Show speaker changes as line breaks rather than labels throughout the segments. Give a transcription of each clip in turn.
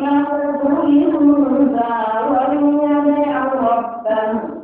من ظلم وليدع ربه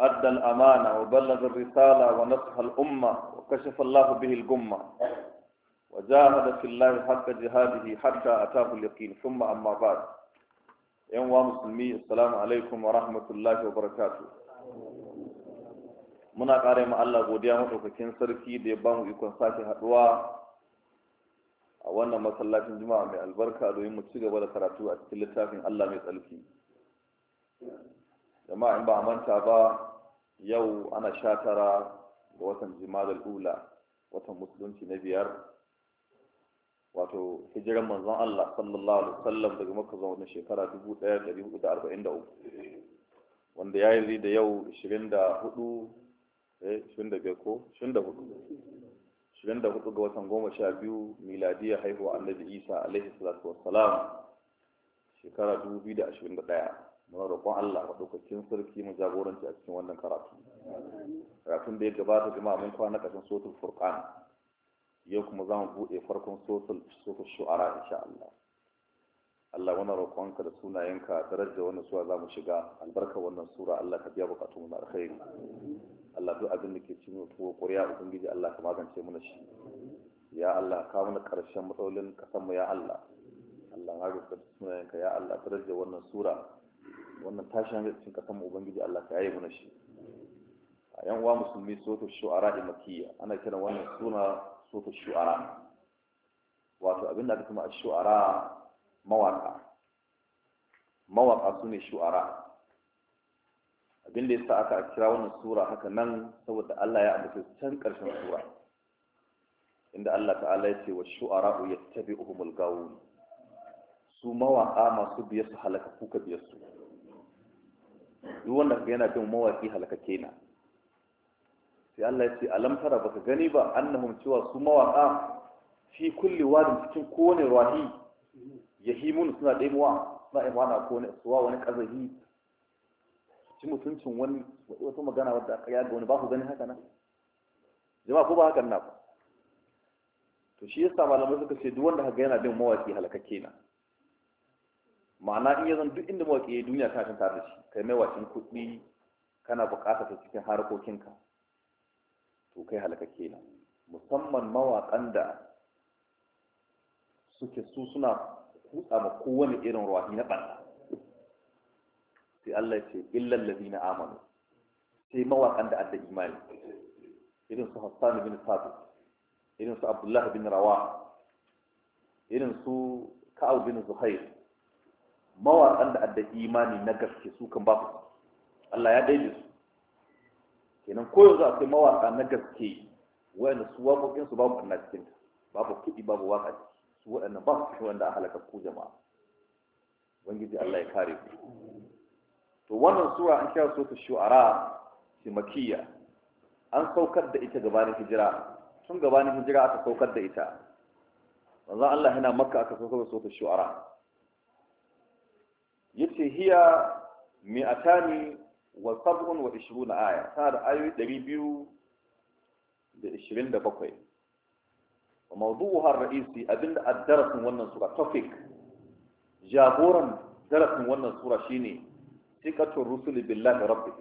أدى الأمانة وبلغ الرسالة ونصح الأمة وكشف الله به الجمة وجاهد في الله حق جهاده حتى أتاه اليقين ثم أما بعد يوم مسلمي السلام عليكم ورحمة الله وبركاته muna ƙara ma Allah godiya maɗaukakin sarki da ya ba mu ikon sake haɗuwa a wannan masallacin juma'a mai albarka domin mu ci gaba da karatu a cikin littafin Allah mai tsarki jama'a in ba a manta ba yau ana sha tara ga watan jimalar ula watan musulunci na biyar wato hijiran manzon Allah sallallahu alaihi wasallam daga makka zuwa wannan shekara
1443
wanda ya yi da yau 24 eh 25 ko 24 24 ga watan goma sha biyu miladiya haihuwa annabi Isa alaihi salatu wassalam shekara 2021 muna roƙon Allah maɗaukakin sarki mu jagoranci a cikin wannan karatu karatun da ya gabata jama'a mun kwana ƙarshen sotul furqan yau kuma za mu buɗe farkon sotul sotul shu'ara insha Allah Allah muna roƙonka da sunayenka darajar wannan sura za mu shiga albarka wannan sura Allah ka biya bukatun mu alkhairi Allah duk abin da ke cikin tuwo ƙuriya ubangiji Allah ka magance mana shi ya Allah ka mana ƙarshen matsalolin ƙasar ya Allah Allah na roƙa da sunayenka ya Allah darajar wannan sura wannan tashin hankali cikin kasan mu ubangiji Allah ka yaye mana shi a yan uwa musulmi sotu shu'ara da makiyya ana kira wannan suna sotu shu'ara wato abin da aka kuma shu'ara mawaka mawaka su ne shu'ara abin da sa aka kira wannan sura haka nan saboda Allah ya ambace can karshen sura inda Allah ta'ala ya ce wa shu'ara yattabi'uhumul gawun su mawaka masu biyar su halaka kuka biyar su duk wanda ka yana bin mawaki halakake na sai Allah ya ce alam tara ka gani ba annahum cewa su mawaka fi kulli wadin cikin kowane rahi yahimun suna ɗaimuwa suna imana ko suwa wani kazahi ci mutuncin wani wata magana wadda aka yaga wani ba ku gani haka na, jama'a ko ba hakan na ba to shi yasa malamai suka ce duk wanda kaga yana bin mawaki halakake na ma'ana in zan duk inda mawaƙi ya duniya kana tare da shi kai mai wacin kuɗi kana buƙatar ta cikin harkokinka to kai halaka kenan musamman mawaƙan da suke su suna kutsa ma kowane irin ruwahi na ɓanna sai Allah ya ce illal ladina amanu sai mawaƙan da adda imani irin su Hassan bin Sabu irin su Abdullah bin Rawa irin su Ka'ab bin Zuhair mawaƙan da adda imani na gaske su kan ba su Allah ya daidai su kenan ko yanzu akwai mawaƙa na gaske wayanda su waƙoƙin su babu Allah cikin babu kuɗi babu waƙa su waɗannan ba su cikin wanda a halaka ku jama'a ubangiji Allah ya kare ku to wannan sura an kira su ta shu'ara makiyya an saukar da ita gabanin hijira tun gabanin hijira aka saukar da ita manzon Allah yana makka aka saukar da sura shu'ara yace hiya mi'atani wa sab'un wa ishruna aya tana da ayoyi ɗari biyu da ishirin da bakwai wa mawdu'uha ra'isi abinda addarasin wannan sura topic jagoran darasin wannan sura shine sikatul rusul billahi rabbih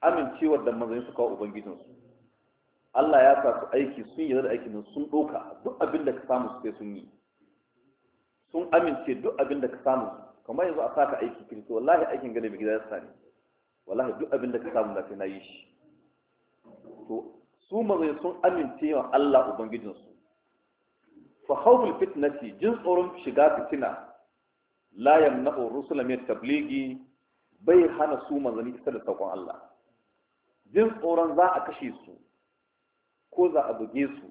amincewar da manzon su kawo ubangijin su Allah ya sa su aiki sun yarda da aikin sun doka duk abinda ka samu su sai sun yi sun amince duk abinda ka samu kamar yanzu a saka aiki kirki wallahi aikin gane bai gidan sani wallahi duk abin da ka samu da na yi shi to su mazai sun amince wa Allah ubangijinsu fa khawful fitnati jin tsoron shiga fitina layan na rusula min tablighi bai hana su manzanni isa da saukon Allah jin tsoron za a kashe su ko za a buge su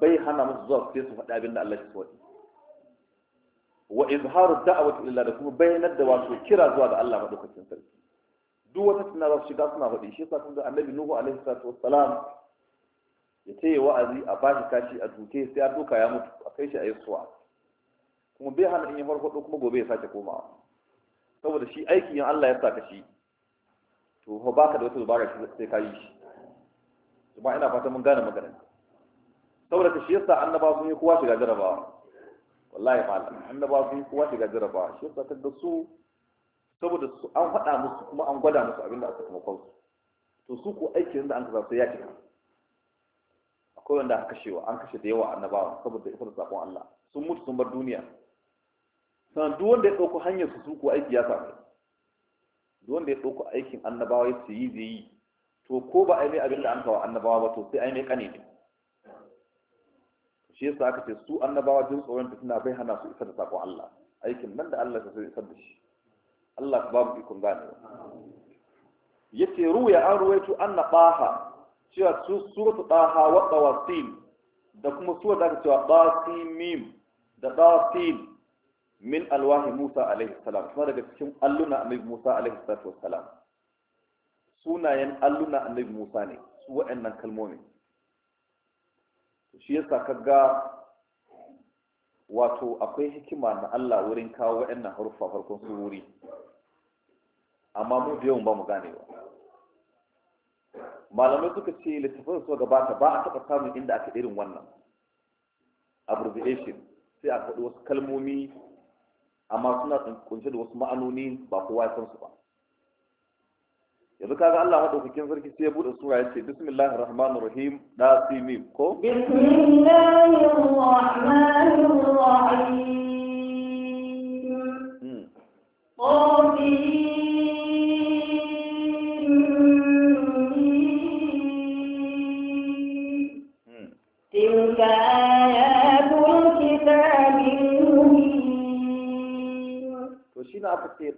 bai hana musu zuwa sai su faɗi abin da Allah ya faɗi wa izharu da'awati illa da kuma bayanar da wato kira zuwa ga Allah madaukakin sarki duk wata tana za su shiga suna faɗi shi yasa kun ga annabi nuhu alaihi salatu wassalam ya ce wa'azi a bashi kashi a duke sai a duka ya mutu a kai shi a yi kuma bai hana in yi farfaɗo kuma gobe ya sake koma. saboda shi aiki in Allah ya saka shi to fa baka da wata dubara sai ka yi shi kuma ina fata mun gane maganar saboda ka shi yasa annabawa sun yi kowa shiga jarabawa wallahi malam annaba sun kowa shiga jaraba shi yasa da su saboda su an faɗa musu kuma an gwada musu abinda aka kuma su to su ko aikin da an kaza sai ya cika akwai wanda aka kashewa an kashe da yawa annabawa saboda da sakon Allah sun mutu sun bar duniya sannan duk wanda ya ɗauko hanyar su su ko aiki ya samu duk wanda ya ɗauko aikin annabawa ya yi zai yi to ko ba a yi abinda abin da an kawo annabawa ba to sai a yi mai ƙane ne shi yasa aka ce su annabawa jin tsoron suna bai hana su isar da sakon Allah aikin nan da Allah ya so isar da shi Allah ba babu ikon gane yace ruya an ruwaitu anna baha cewa su suratu baha wa tawasil da kuma suwa da aka cewa basimim da basim min alwahi Musa alaihi salam kuma daga cikin alluna annabi Musa alaihi salatu wassalam sunayen alluna annabi Musa ne su waɗannan kalmomin shi yasa ga wato akwai hikima na Allah wurin kawo waɗannan haruffa farkon sururi amma mu da yawan ba mu gane ba. malamai suka ce littafin su gabata ba a taɓa samun inda aka irin wannan abbreviation sai a faɗi wasu kalmomi amma suna kunshe da wasu ma'anoni ba kowa ya san su ba yanzu kaga Allah madaukakin sarki sai ya bude sura ya ce bismillahir rahmanir rahim da simim ko bismillahir rahmanir rahim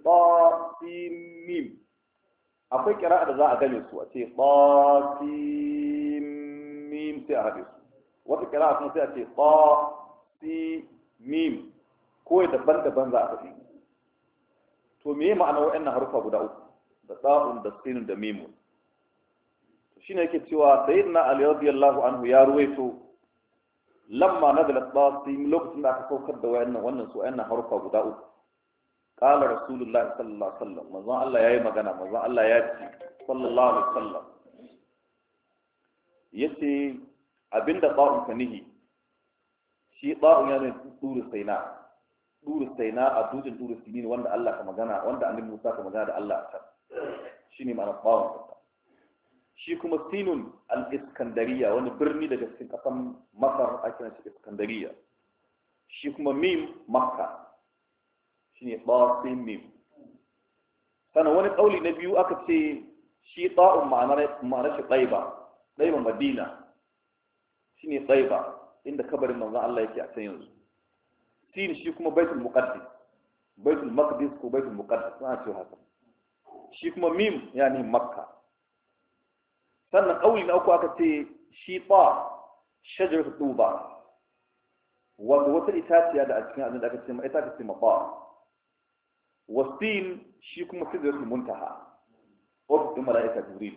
قاسم akwai kira'a da za a game su a ce mim sai a haɗe su wata kira'a kuma sai a ce mim ko daban-daban za a faɗi to me ma'ana wa'annan harufa guda uku da tsa'un da sinin da mimun ne yake cewa sayyidina ali radiyallahu anhu ya ruwaito lamma na da tasim lokacin da aka saukar da wannan su wayannan harufa guda uku qala rasulullahi sallallahu alaihi wasallam manzon Allah yayi magana manzon Allah ya ce sallallahu alaihi wasallam yace abinda ba'un kanihi shi ba'un yana duru saina duru saina a dujin duru sinin wanda Allah ka magana wanda annabi Musa ka magana da Allah ta shine ma'anar ba'un shi kuma sinun al-iskandariya wani birni daga cikin kasan masar ake nashi iskandariya shi kuma mim makka shine basimim sannan wani kauli na biyu aka ce shi ta'un ma'ana shi tsaiba tsaiba madina shi ne tsaiba inda kabarin manzon Allah yake a can yanzu sin shi kuma baitul muqaddas baitul maqdis ko baitul muqaddas ana cewa haka shi kuma mim ya yani makka sannan kauli na uku aka ce shi ta shajar tuba wato wata itaciya da a cikin abin da aka ce ma ita aka ce ma ba Wasin shi kuma sidratul muntaha ofis din mala'ika jibril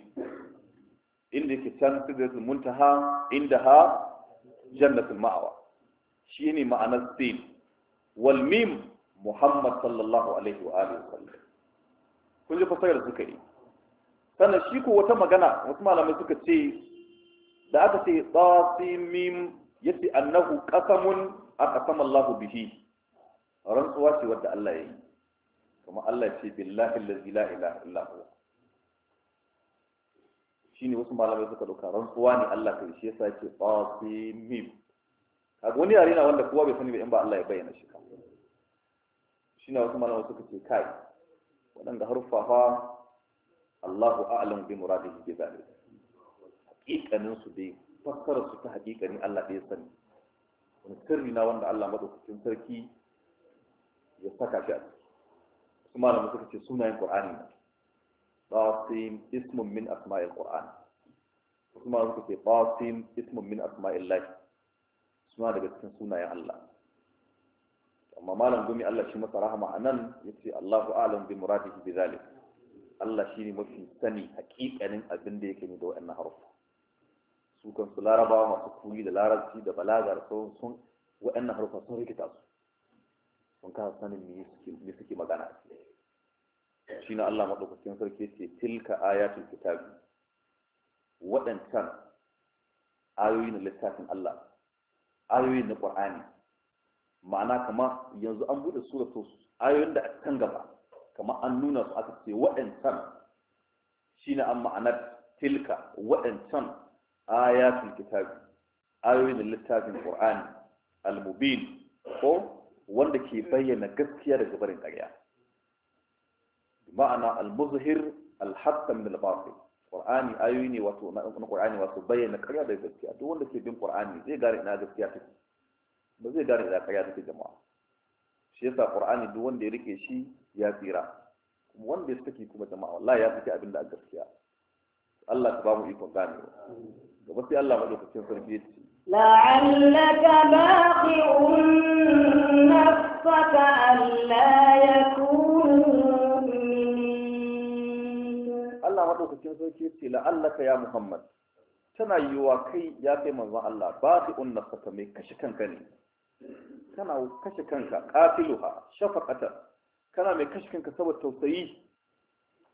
inda yake can sidratul muntaha inda ha jannatul ma'awa ne ma'anar sin wal mim muhammad sallallahu alaihi wa alihi wasallam kun ji fasarar suka yi sannan shi ko wata magana wasu malamai suka ce da aka ce tsasimim yace annahu qasamun aqsama Allahu bihi rantsuwa ce wadda Allah ya yi kuma Allah ce billahi allazi la ilaha illa huwa shine wasu malamai suka dauka rantsuwa ne Allah kai shi yasa yake qasimim kaga wani yare na wanda kowa bai sani ba in ba Allah ya bayyana shi kan shine wasu malamai suka ce kai waɗanda haruffa fa Allahu a'lam bi muradihi bi zalik hakikanin su dai fassarar su ta hakikani Allah da sani wani sirri na wanda Allah madaukakin sarki ya saka shi a kuma da suka ce sunayen qur'ani ne qasim ismun min asma'il qur'an kuma da suka ce qasim ismun min asma'illah suna daga cikin sunayen Allah amma malam gumi Allah shi masa rahama anan yace Allahu a'lam bi muradihi bi zalik Allah shi ne mafi sani hakikanin abin da yake ne da wa'annan harufa su kansu larabawa masu kuli da larabci da balaga da sauran sun wa'annan harufa sun rikita su sun kasa sanin me suke magana a na Allah maɗaukacin sarki ce tilka ayatul kitabi waɗancan ayoyi na littafin Allah ayoyi na ƙwa'ani ma'ana kama yanzu an bude sura to ayoyin da aka kan gaba kama an nuna su aka ce waɗancan shi na an ma'anar tilka waɗancan ayatul kitabi ayoyi na littafin ƙwa'ani al-mubin ko wanda ke bayyana gaskiya daga barin ƙarya ma'ana al-muzhir al-haqqan bil batil qur'ani ayoyi wato na qur'ani wato bayyana ƙarya da gaskiya duk wanda ke bin qur'ani zai gane ina gaskiya take ba zai gane ina ƙarya take jama'a shi yasa qur'ani duk wanda ya rike shi ya tsira kuma wanda ya take kuma jama'a wallahi ya take abin da a gaskiya Allah ka ba mu ikon gane gaba sai Allah madaukakin sarki ya ce
لعلك باقع نفسك ألا يكونوا
Allah madaukakin sarki ya ce la'allaka ya Muhammad tana yiwuwa kai ya kai manzon Allah ba fi unna saka mai kashe kanka ne kana kashe kanka qatiluha shafaqatan kana mai kashe kanka saboda tausayi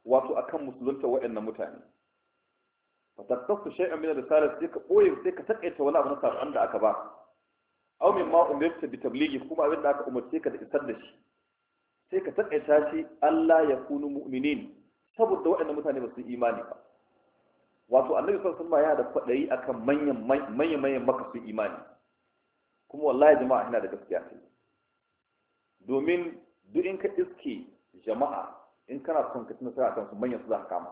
wato akan musulunta waɗannan mutane fa taqtasu shay'an min risalati sai ka boye sai ka takaita wani abu na sabon da aka ba aw ma umirta bi tablighi kuma abin da aka umarce ka da isar da shi sai ka takaita shi Allah ya kunu mu'minin saboda waɗannan mutane ba su imani ba wato annabi sallallahu alaihi ya da kwadayi akan manyan manyan manyan maka su imani kuma wallahi jama'a yana da gaskiya ce domin duk in ka iske jama'a in kana son ka tunasa akan su manyan su za ka kama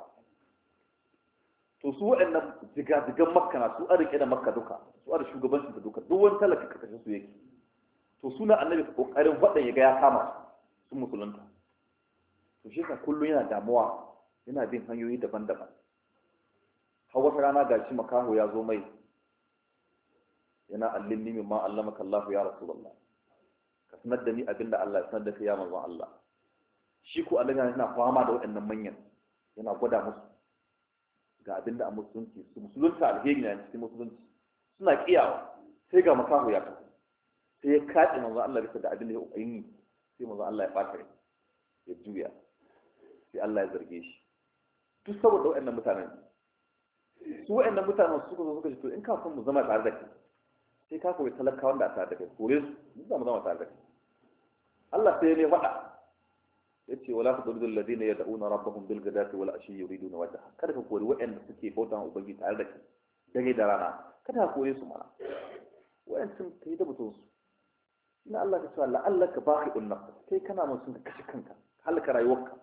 to su waɗannan zigazigan makka na su an rike da makka duka su an shugabancin da duka duk wani talaka ka kashe su yake to suna annabi ka kokarin waɗanda ya ga ya kama su musulunta to shi ka kullum yana damuwa yana bin hanyoyi daban-daban har wata rana ga shi makaho ya zo mai yana allin limin ma allamaka Allah ya rasulullah ka sanar da ni abinda Allah ya sanar da kai ya manzon Allah shi ko Allah yana fama da waɗannan manyan yana gwada musu ga abinda a musulunci su musulunta alheri na cikin musulunci suna kiyawa sai ga makaho ya tafi sai ya kaɗe manzon Allah bisa da abinda ya ubayi sai manzon Allah ya ɓata ya juya sai Allah ya zarge shi duk saboda waɗannan mutanen su waɗannan mutanen suka zo suka ce to in ka son mu zama tare da kai sai ka koyi talakawan da a tare da kai kore su mu zama zama tare da kai Allah sai ne faɗa yace wala tudul alladhina yad'una rabbahum bil ghadati wal ashi yuriduna wajha kada ka kori waɗanda suke bauta wa ubangiji tare da kai dare da rana kada ka kore su mana waɗancan kai da mutum su ina Allah ka cewa la'allaka baqi'un nafs kai kana mun sun ka kashe kanka halaka rayuwarka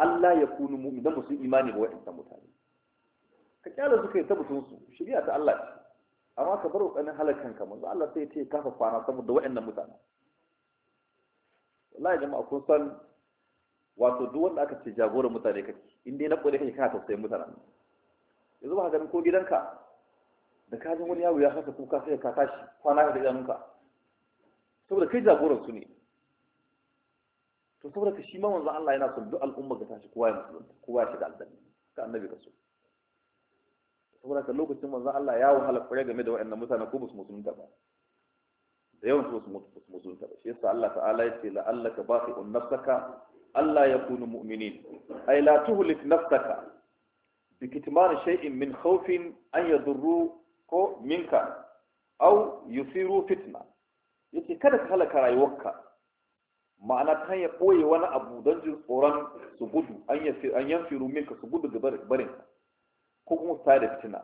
Allah ya kunu mu idan musu imani ba wa'annan mutane ka kyala su yi tabbatun su shari'a ta Allah ce amma ka bar kokarin halakan ka manzo Allah sai ya ce kafa kwana saboda waɗannan mutane wallahi jama'a kun san wato duk wanda aka ce jagoran mutane kake in dai na kore kake kana tausayin mutane yanzu ba ganin ko gidanka da ka wani yawo ya haka kuka sai ka tashi kwana da idanunka saboda kai jagoran su ne to saboda ka shi ma manzo Allah yana son duk al'umma ga tashi kowa ya musulunta kowa ya shiga aljanna ka annabi ka so saboda ka lokacin manzo Allah ya wahala kware game da waɗannan mutanen ko basu musulunta ba da yawan su basu musulunta ba shi yasa Allah ta'ala ya ce la'allaka basi'un nafsaka Allah ya kunu mu'minin ay la tuhlik nafsaka بكتمان شيء من خوف أن ko minka. أو يثيروا fitna. yace kada ka halaka rayuwarka ma'ana ta ya ɓoye wani abu don jin tsoron su gudu an yanfiru minka su gudu ga barinka ko kuma su da fitina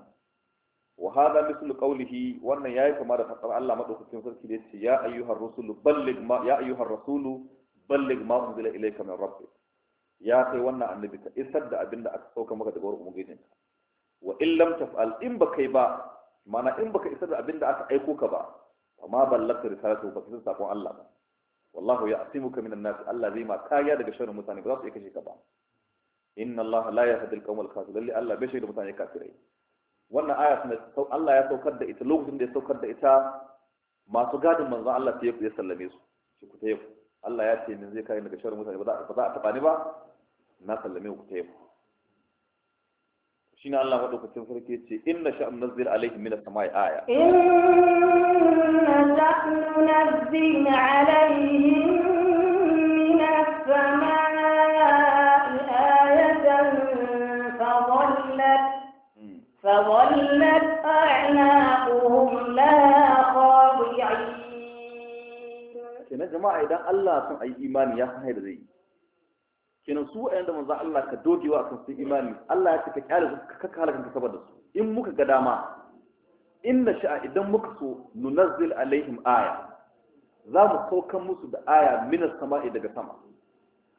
wa hada mislu qawlihi wannan yayi kama da fadar Allah madaukakin sarki da yace ya ayyuhar rusulu balligh ma ya ayyuhar rasulu balligh ma unzila ilayka min rabbik ya kai wannan annabi ka isar da abin da aka sauka maka daga wurin ubangijinka wa in lam taf'al in baka yi ba mana in baka isar da abin da aka aiko ka ba amma ballaka risalatu baka isar sakon Allah ba wallahu ya ya'timuka minan nas Allah zai ma kariya daga sharrin mutane ba za su iya kashe ka ba inna Allah la yahdi al-qawm al-fasiqin lalle Allah bai shaida mutane kafirai wannan aya sun Allah ya saukar da ita lokacin da ya saukar da ita masu gadin manzon Allah ta sai ya sallame su shi ku tayi Allah ya ce min zai kare daga sharrin mutane ba za a taɓa ni ba na sallame ku ta tayi شين الله ودوك تفرك إن شاء ننزل عليهم من السماء آية إن
نحن ننزل عليهم من السماء آية فظلت
فظلت أعناقهم لا خاضعين كنا جماعة إذا الله سمع إيمان يا خير ذي kenan su wa'anda manzo Allah ka doge dogewa kan su imani Allah ya ce ka kyale su ka kala kanka saboda su in muka ga dama inna sha'a idan muka so nunazzil alaihim aya za mu saukan musu da aya minas sama'i daga sama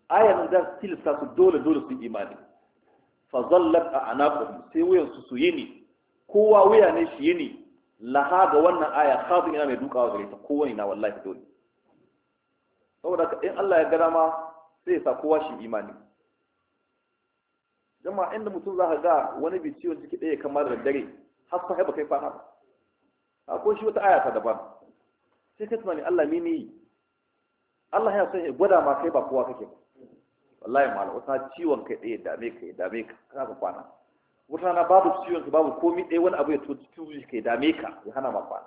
aya nan da su tilasta su dole dole su imani fa zallat a anaqum sai wayan su su yini kowa wuya ne shi yini laha ga wannan aya khadin ina mai dukawa gare ta kowa na wallahi dole saboda in Allah ya ga dama sai sa kowa shi imani jama inda mutum za ka ga wani bi ciwon ciki ɗaya kamar da dare har sa haifa kai fara ko shi wata ayata daban sai ka tunani Allah ni ne Allah ya san ya gwada ma kai ba kowa kake ba wallahi malam wata ciwon kai ɗaya dame ka ya dame ka kana ka kwana wata rana babu ciwon ka babu komi ɗaya wani abu ya to zuci ka ya dame ka ya hana ma kwana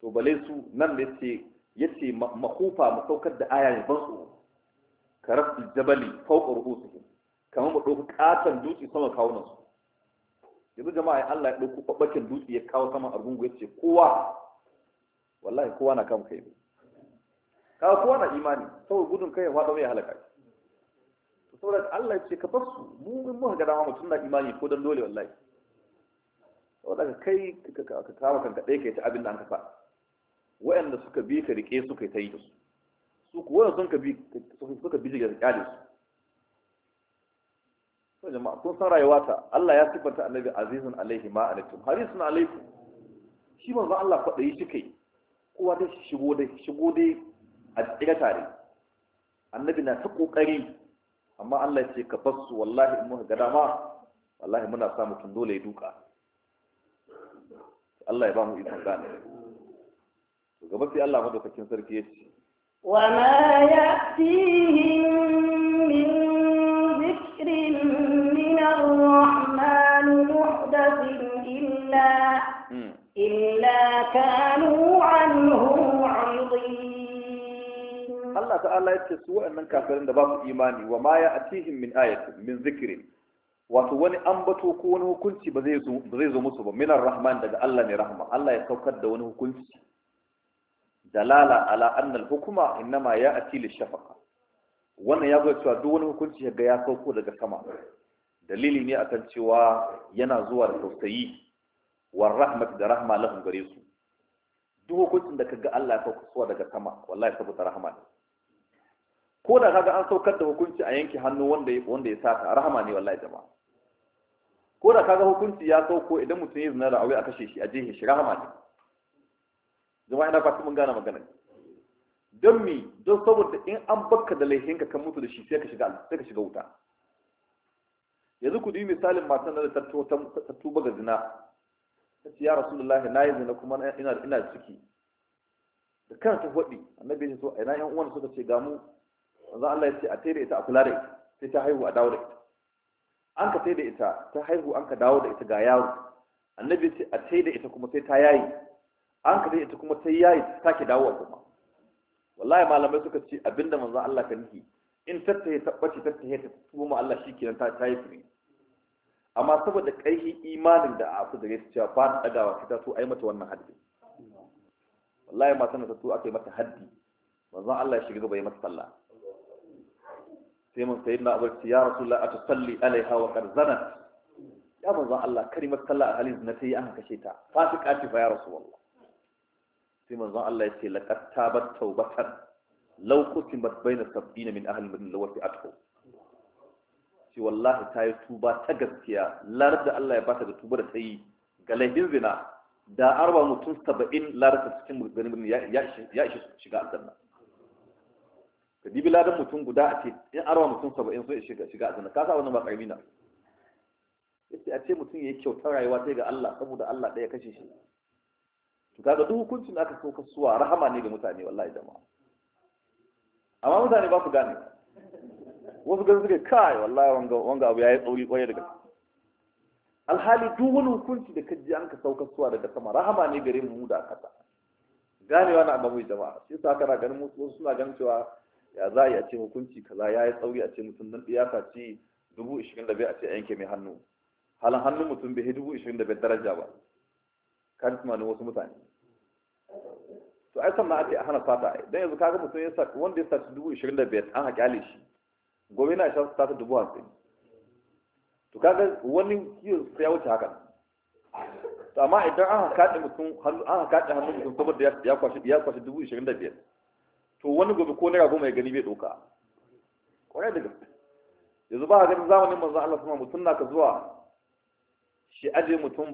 to bale su nan ya ce yace mahufa mu saukar da aya ne ban tsoro fauƙa ruhu su su kamar mu ɗauki ƙaton dutse sama kawunan su yanzu jama'a Allah ya ɗauki ɓaɓɓakin dutse ya kawo sama argungu ya ce kowa wallahi kowa na kama kai kawo kowa na imani saboda gudun kai ya fada mai halaka su, saboda Allah ya ce ka bar su mu mun muka ga dama mutum na imani ko dan dole wallahi saboda kai ka kama kanka ɗaya yi ta abin da an kafa wa'anda suka bi ka rike su yi ta yi da su su kuwa sun ka bi ka bi daga kyale su to jama'a kun san rayuwa ta Allah ya sifanta annabi azizun alaihi ma alaikum harisun alaikum shi manzo Allah fa dai shi kai kowa shi shigo dai shigo da a cikin tare annabi na ta kokari amma Allah ya ce ka basu wallahi in ga dama wallahi muna samu tun dole ya duka Allah ya ba mu ikon gane gaba sai Allah madaukakin sarki ya ce
وما يأتيهم من ذكر من الرحمن محدث إلا إلا كانوا عنه معرضين
الله تعالى يتسوى أن كافرين دباب إيماني وما يأتيهم من آية من ذكر wato wani ambato ko wani hukunci ba zai zo musu ba minar rahman daga Allah mai rahama Allah ya saukar da wani hukunci dalala ala annal hukuma innama ya ati li shafaqa wannan ya ga cewa duk wani hukunci ga ya sauko daga sama dalili ne akan cewa yana zuwa da tausayi war rahmat da rahma lahum gare su duk hukuncin da kaga Allah ya sauko daga sama wallahi saboda rahma ne ko da kaga an saukar da hukunci a yanke hannu wanda wanda ya saka rahma ne wallahi jama'a ko da kaga hukunci ya sauko idan mutum ya zina da aure a kashe shi a jihin shi rahma ne jama'a ina fata mun gane magana don mi don saboda in an baka da laihinka kan mutu da shi sai ka shiga sai ka shiga wuta yanzu ku dubi misalin matan da ta ta tuba ga zina ta ce ya rasulullahi na yi zina kuma ina ina ciki da kan ta hodi annabi ya so ina yan uwan suka ce ga mu manzo Allah ya ce a tare ita a kula da ita sai ta haihu a dawo da ita an ka tare da ita ta haihu an ka dawo da ita ga yaro annabi ya ce a tare da ita kuma sai ta yayi an ka ita kuma ta yayi ta sake dawo a kuma wallahi malamai suka ce abinda manzon Allah ka nihi in tattaye tabbaci tattaye ta kuma ma Allah shikenan ta ta yi fure amma saboda ƙarfin imanin da a da gare cewa ba ta dagawa ta to ai mata wannan haddi wallahi matan ta to aka yi mata haddi manzon Allah ya shiga gaba ya mata sallah sai mun sayi na abarci ya rasulullah atusalli alaiha wa qad zanat ya manzon Allah karimar sallah a halin na ta yi an kashe ta fasika ce fa ya rasulullah sai manzon Allah ya ce laqad tabat tawbatan law kutimat baina sab'ina min ahli madina law fi'atuhu shi wallahi ta yi tuba ta gaskiya larda da Allah ya bata da tuba da ta yi ga laifin zina da arba mutum saba'in larda cikin ganin ya shi shiga aljanna ka dibi ladan mutum guda a ce in arba mutum saba'in so ya shiga aljanna ka sa wannan ba karmi na yace a ce mutum ya yi kyautar rayuwa sai ga Allah saboda Allah ɗaya kashe shi to kaga duk hukuncin da aka so ka suwa rahama ne ga mutane wallahi jama'a amma mutane ba ku gane wasu ganin suke kai wallahi wanga wanga abu yayi tsauri kwaye daga alhali duk wani hukunci da kaji an ka sauka suwa daga sama rahama ne gare mu da kasa ganewa na abu jama'a shi yasa kana ganin wasu suna ganin cewa ya za a yi a ce hukunci kaza ya yi tsauri a ce mutum nan iyaka ce dubu ishirin da bai a ce a yanke mai hannu halin hannun mutum bai dubu ishirin da bai daraja ba ka ji tunanin wasu mutane to ai sannan ake a hana fata ai dan yanzu kaga mutum ya saka wanda ya saka dubu ishirin da biyar an haƙi shi gobe na shan sata dubu hamsin to kaga wani kiyo sai ya wuce hakan. to amma idan an ɗin mutum an ɗin hannun mutum saboda ya kwashe ya kwashe dubu ishirin da biyar to wani gobe ko naira goma ya gani bai ɗauka ƙwarai da gaske yanzu ba a ganin zamanin manzan Allah sama mutum na ka zuwa shi aje mutum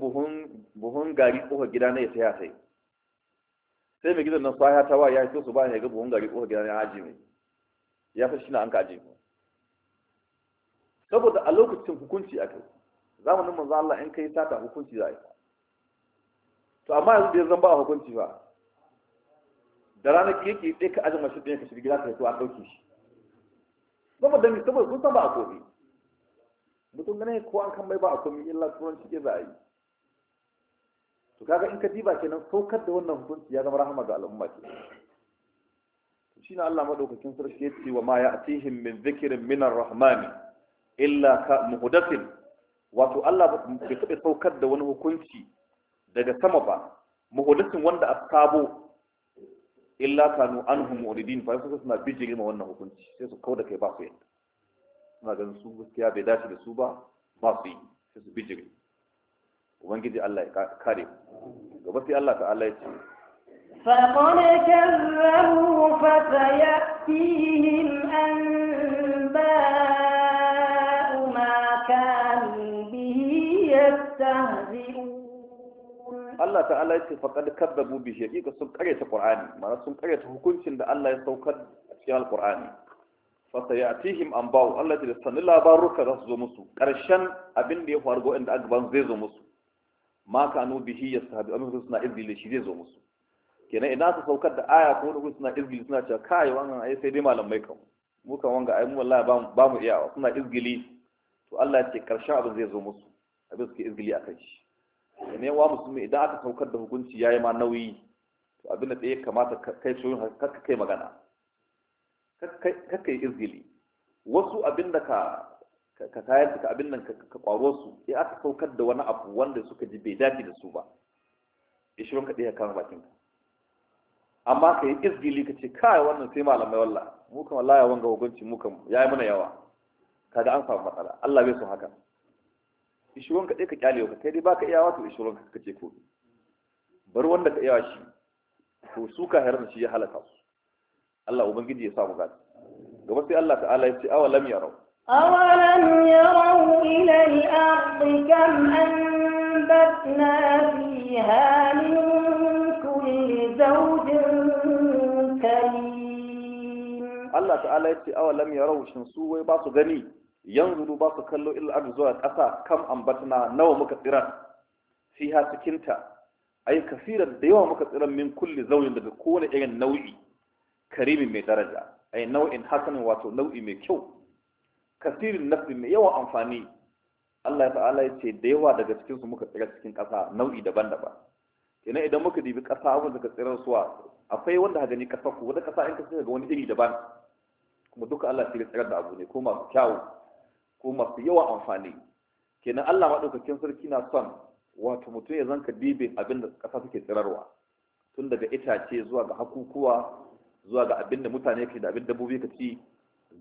buhun gari kofar gida na ya saya sai sai mai gidan nan saya ta wa ya fito su ba ya ga buhun gari kofar gida na aje mai ya fi shina an ka aje saboda a lokacin hukunci a kai zamanin manzo Allah in kai sata hukunci za a yi to amma yanzu bai zan ba hukunci ba da ranar yake sai ka aje mashi ɗin ka shiga gida ka to a ɗauke shi saboda ni saboda sun san ba a kofi mutum ganin ko an kan mai ba a komi illa turanci ke za yi to kaga in ka diba kenan saukar da wannan hukunci ya zama rahama ga al'umma ke shine Allah madaukakin sarki ya ce wa ma atihim min dhikrin min ar-rahman illa ka muhdathin wato Allah bai taɓa saukar da wani hukunci daga sama ba muhdathin wanda a sabo illa kanu anhum muridin fa suka suna bijiri wannan hukunci sai su kauda kai ba su yadda suna ganin su gaskiya bai dace da su ba ba su yi sai su bijiri ubangiji Allah ya kare gaba sai
Allah ta'ala ya ce فقد كذبوا فسيأتيهم أنباء ما كانوا به يستهزئون
Allah ta'ala yace faqad kadzabu bi shay'ika sun karyata Qur'ani ma'ana sun karyata hukuncin da Allah ya saukar a cikin Al-Qur'ani fasa ya atihim an bawo Allah da sani labaruka za su zo musu ƙarshen abin da ya faru ga wanda aka ban zai zo musu ma kanu bihi ya sahabi amma su suna izgili shi zai zo musu kenan idan su saukar da aya ko wani suna izgili suna cewa kai wannan ai sai dai malamai kan mu kan wanga ai mu wallahi ba mu iyawa suna izgili to Allah ya ce ƙarshen abin zai zo musu abin suke izgili a kai shi ne wa musulmi idan aka saukar da hukunci yayi ma nauyi to abin da ya kamata kai shoyin haka kai magana kakka yi izgili wasu abin da ka ka tayar da abin nan ka kwaro su ya aka saukar da wani abu wanda suka ji bai dace da su ba ya shi wanka ɗaya kama bakin ka amma ka yi izgili ka ce kai wannan sai malamai walla mu kan wallahi wanga hukunci mu kan yayi mana yawa kaga an samu matsala Allah bai so haka ishirin ka ɗaya ka kyale ka kai dai baka iya to ishirin ka ce ko bar wanda ka iya shi to su ka harar shi ya halaka su Allah ubangiji ya sa mu gani gaba sai Allah ta'ala ya ce awa lam yarau
awalam yarau ila al-ardi kam anbatna fiha min kulli zawjin karim
Allah ta'ala ya ce awa awalam yarau shin su wai ba su gani yanzu ba su kallo ila al zuwa ƙasa kam ambatna nawa muka tsira fiha cikinta ai kasiran da yawa muka tsiran min kulli zawjin daga kowane irin nau'i karimin mai daraja A yi nau'in hasanin wato nau'i mai kyau kasirin nafi mai yawan amfani Allah ta'ala ya ce da yawa daga cikin su muka tsira cikin ƙasa nau'i daban-daban ina idan muka dibi ƙasa da ka tsira suwa akwai wanda ka gani ƙasa ku wanda ƙasa in ka tsira ga wani iri daban kuma duka Allah ya tsira da abu ne ko masu kyawu ko masu yawan amfani kenan Allah madaukakin sarki na son wato mutum ya zanka dibin abin da ƙasa suke tsirarwa tun daga itace zuwa ga hakukuwa zuwa ga abin da mutane ke da abin dabbobi ka ci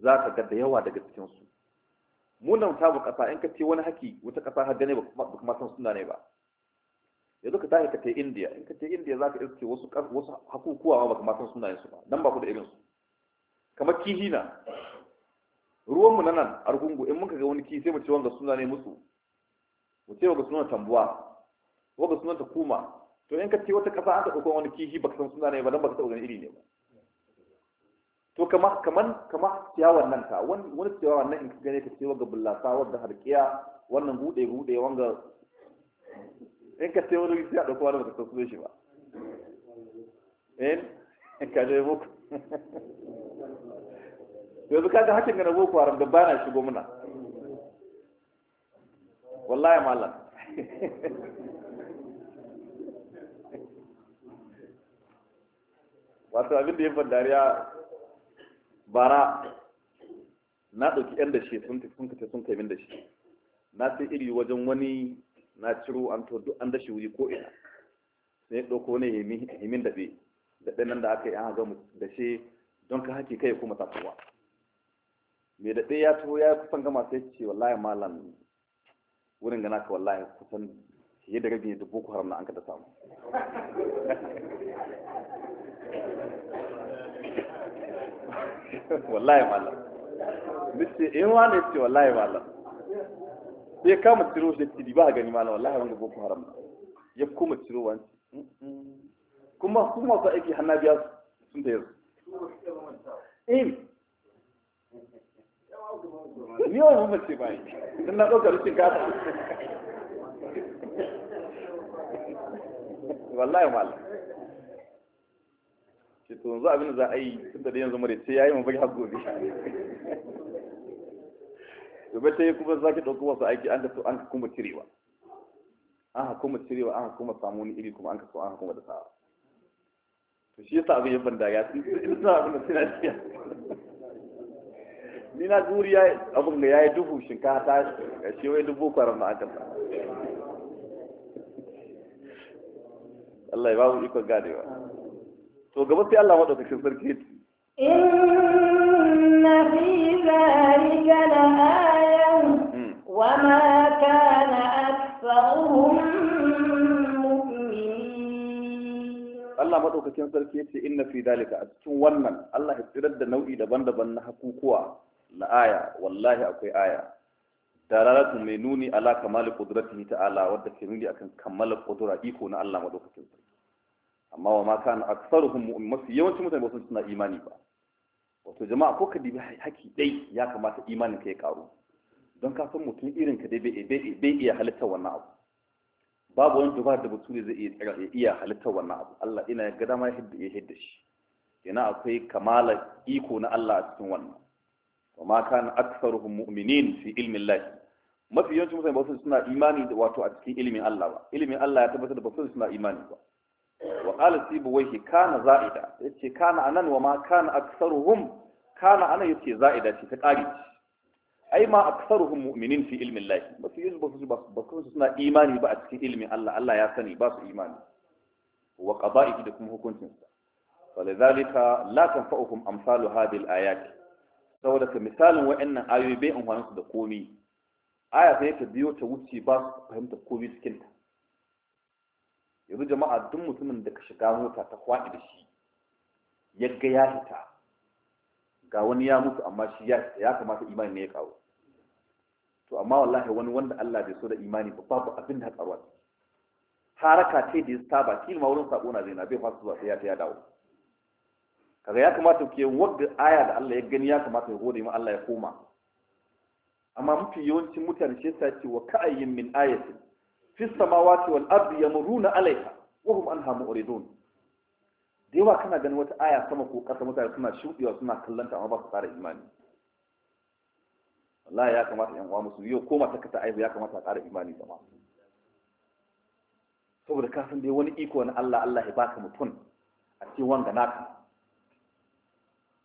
za ka ga da yawa daga cikinsu munan ta bu kasa in ka ce wani haki wata ƙasa har gane ba kuma san suna ne ba yanzu ka tashi ka ce indiya in ka ce indiya za ka ce wasu wasu hakukuwa ba kuma san sunayen su ba dan ba ku da irin su kamar kihi na ruwanmu na nan argungu in muka ga wani kihi sai mu ce wanga suna ne musu mu ce wanga suna tambuwa wanga suna ta kuma to in ka ce wata ƙasa an ka dauko wani kihi ba ka san suna ne ba dan ba ka taɓa ganin iri ne ba to kama kaman kama ciyawar nan ta wani ciyawar nan in ka gane ka ce waga bullasa wadda harkiya wannan gude gude wanga in ka ce wani sai a dauko wani baka san shi ba in eh? in ka je boko yanzu ka ga hakin ga na boko haram da bana shigo muna
wallahi malam
wato abin da ya dariya bara na ɗauki 'yan da shi sun kace sun kai min da shi na sai iri wajen wani na ciro an to duk an dashi wuri ko ina sai ya ɗauko ne himin daɓe ɗan nan da aka yi an haga da shi don ka haƙi kai kuma me mai ɗaya ya taho ya kusan gama sai ce wallahi malam wurin gana ka wallahi kusan fiye da rabi da boko haram na an ka ta samu wallahi malam nace eh wani ce wallahi malam sai kama ciro shi tidi ba gani malam wallahi wanda boko haram ya kuma ciro wani kuma su masu aiki hannabiya sun da yanzu in
ni yawan mamace bai
dan na ɗauka rikin kasa wallahi malam ce to yanzu abin da za a yi tun da yanzu mare ce ya yi bari har gobe gobe ta yi kuma za ki ɗauki wasu aiki an ka an kuma cirewa an ka kuma cirewa an kuma samu wani iri kuma an ka so an kuma da sawa to shi yasa abin ya banda ya ina abin da suna ciya ni na duri ya abin da yi duhu shinkafa ta shi wai dubu kwaran ma aka Allah ya ba mu ikon gadewa to gaba sai Allah maɗaukakin sarki ya
ce inna fi zalika la ayan hmm. wa ma kana aktharuhum
Allah madaukakin sarki ya ce inna fi zalika a cikin wannan Allah ya tsirar da nau'i daban-daban na hakukuwa la aya wallahi akwai aya dalalatun mai nuni ala kamali qudratihi ta'ala wadda ke nuni akan kammala iko na Allah amma wa ma kana aktsaruhum mu'min mafi yawancin mutane ba suna imani ba wato jama'a ko ka dibi haki dai ya kamata imanin ka ya karu don ka san mutum irin ka dai bai iya halitta wannan abu babu wani dubar da bature zai iya iya halitta wannan abu Allah ina ga dama ya hidda ya hidda shi ina akwai kamala iko na Allah a cikin wannan wa ma kana aktsaruhum mu'minin fi ilmi Allah mafi yawancin mutane ba suna imani wato a cikin ilimin Allah ba ilimin Allah ya tabbatar da ba su suna imani ba wa qala sibawayhi kana za'ida ce kana anan wa ma kana aktsaruhum kana anan yace za'ida ce ta kare ai ma aktsaruhum mu'minin fi ilmin Allah ba su yuzu ba su ba su suna imani ba a cikin ilmin Allah Allah ya sani ba su imani wa qada'ihi da kuma hukuncin sa walidhalika la tanfa'uhum amsalu hadhihi al-ayat saboda ka misalin wa'annan ayoyi bai amfani su da komi aya sai ta biyo ta wuce ba su fahimta komi cikin ta yanzu jama'a duk mutumin da ka shiga mota ta kwaɗi da shi yagga ya hita ga wani ya mutu amma shi ya hita ya kamata imani ne ya kawo to amma wallahi wani wanda Allah bai so da imani ba babu abin da haƙarwa haraka ce da ya saba kila ma wurin sabo na zai na bai fasu zuwa sai ya ta ya dawo kaga ya kamata ke wagga aya da Allah ya gani ya kamata ya gode ma Allah ya koma amma mafi yawancin mutane shi yasa ce wa ka'ayyin min ayatin fi samawati wal ardi yamuruna alaiha wa hum anha mu'ridun da yawa kana ganin wata aya sama ko kasa mutane suna shuɗewa suna kallanta amma ba su tsara imani wallahi ya kamata yan uwa musu yau ko mata ka ta ya kamata a tsara imani zama saboda ka san dai wani iko na Allah Allah ya baka mutum a cikin wanga naka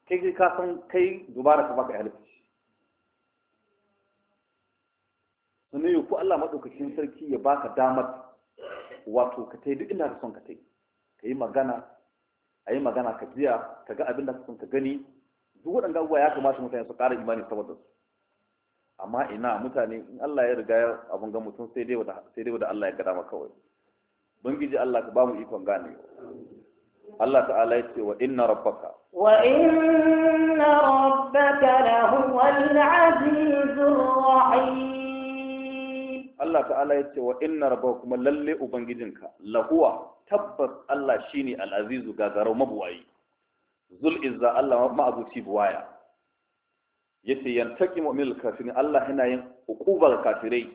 kai ka san kai dubara ka baka halitta sannan yau ko Allah maɗaukakin sarki ya baka damar wato ka yi duk inda ka son ka yi ka yi magana a yi magana ka jiya, ka ga abin da ka son ka gani duk waɗanda abubuwa ya kamata mutane su ƙara imani saboda su amma ina mutane in Allah ya riga abin ga mutum sai dai wanda Allah ya gada maka kawai bangiji Allah ka ba mu ikon gane Allah ta'ala ya ce wa inna rabbaka
wa inna rabbaka al azizur rahim
Allah ta'ala ya ce wa inna rabba kuma lalle ubangijinka lahuwa tabbas Allah shine al'azizu gagarau mabuwayi zul izza Allah ma'abuci buwaya yace yantaki mu'minul kafirin Allah yana yin uqubar kafirai